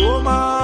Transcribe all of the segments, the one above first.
Woman.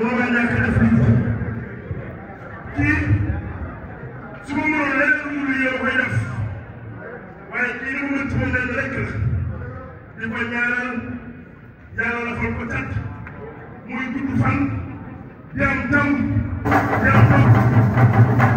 mënuma ñàkk a def kii su ma mënoon lenn lu dul yéen koy def waaye kii li mu mënti moom lenn rek la di ko ñaanal yàlla muy gudd fan di am tam di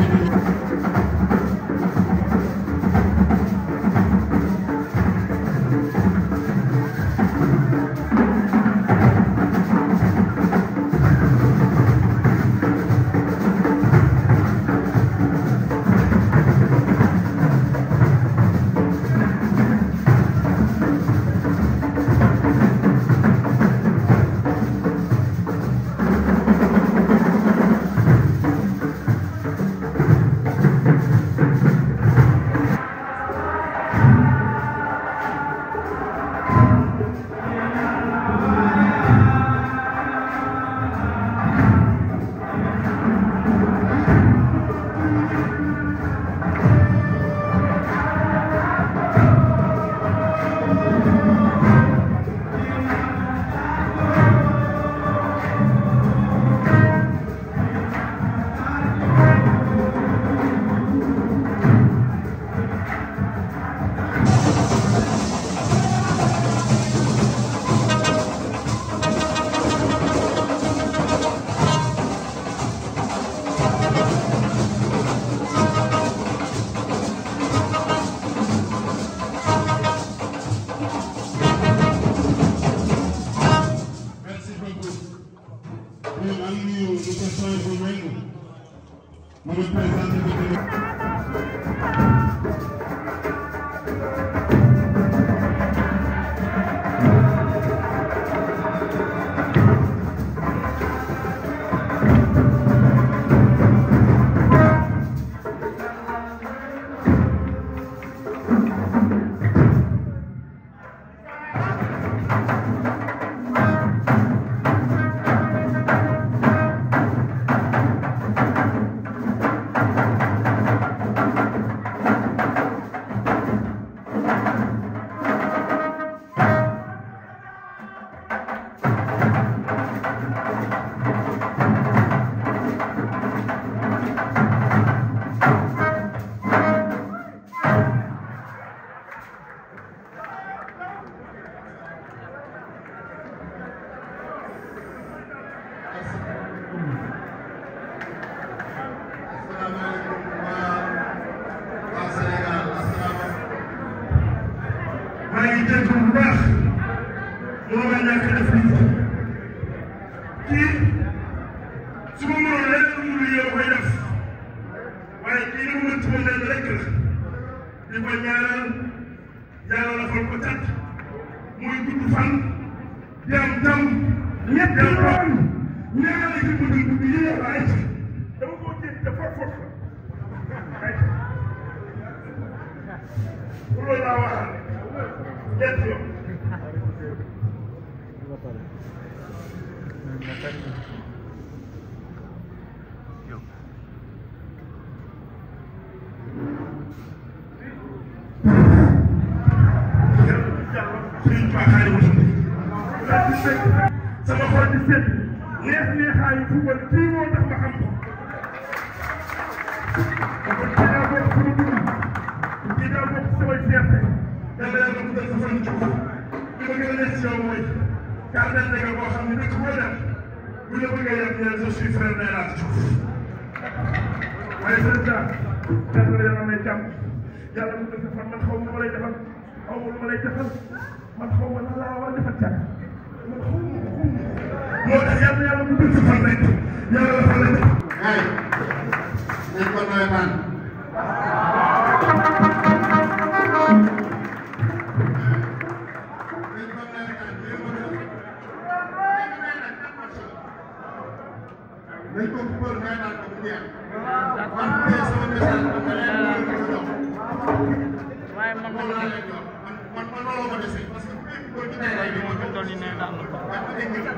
muy président jéggi bu baax moo ma ñàkk def lii kii su ma mënoon rek mu ngi yow koy def waaye kii nag mënti ma leen rek la di ko ñaanal yàlla la fal ko cat muy gudd fan di am tam ñett am lool ñaanal ki mu dund bi yéen waaye dama koo jënd te fort fort la loolu ñetti yoon sama xol di seet neex neexaayu football bii moo tax ma xam ko bëgg a def ci yow mooy carte d'identité boo xam ne dëkk boo dem bu la bëgg a yem yéen je suis frère Ndeye Laat Diouf waaye président yàlla na yàlla may jàmm yàlla mu def man man xaw ma lu ma lay defal xaw ma lu ma lay defal man xaw ma lan laa war a defal càkk man xaw ma ko moo tax yàlla yàlla mu def fan rek yàlla la fa la def. ay nañ ko nooy baan dañ ko bëggoon may naan ko mu jeex man bu dee sama message man ma leen mën a jox waaye man man laa leen jox man man man looloo ma dese parce que bu dee bëggoon ci tey rek ma jox ni nee naa ko waaye ma dégg la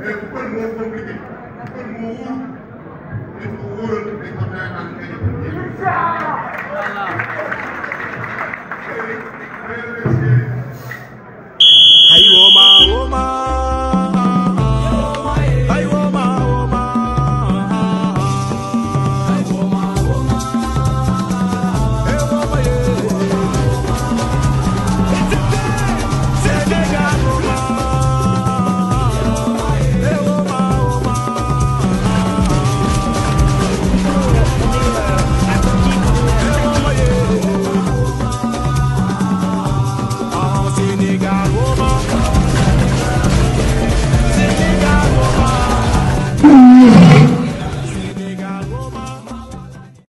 mais bu kon moo compliqué bu kon moo wóor dañ ko wóoral dañ ko may naan nga jëf voilà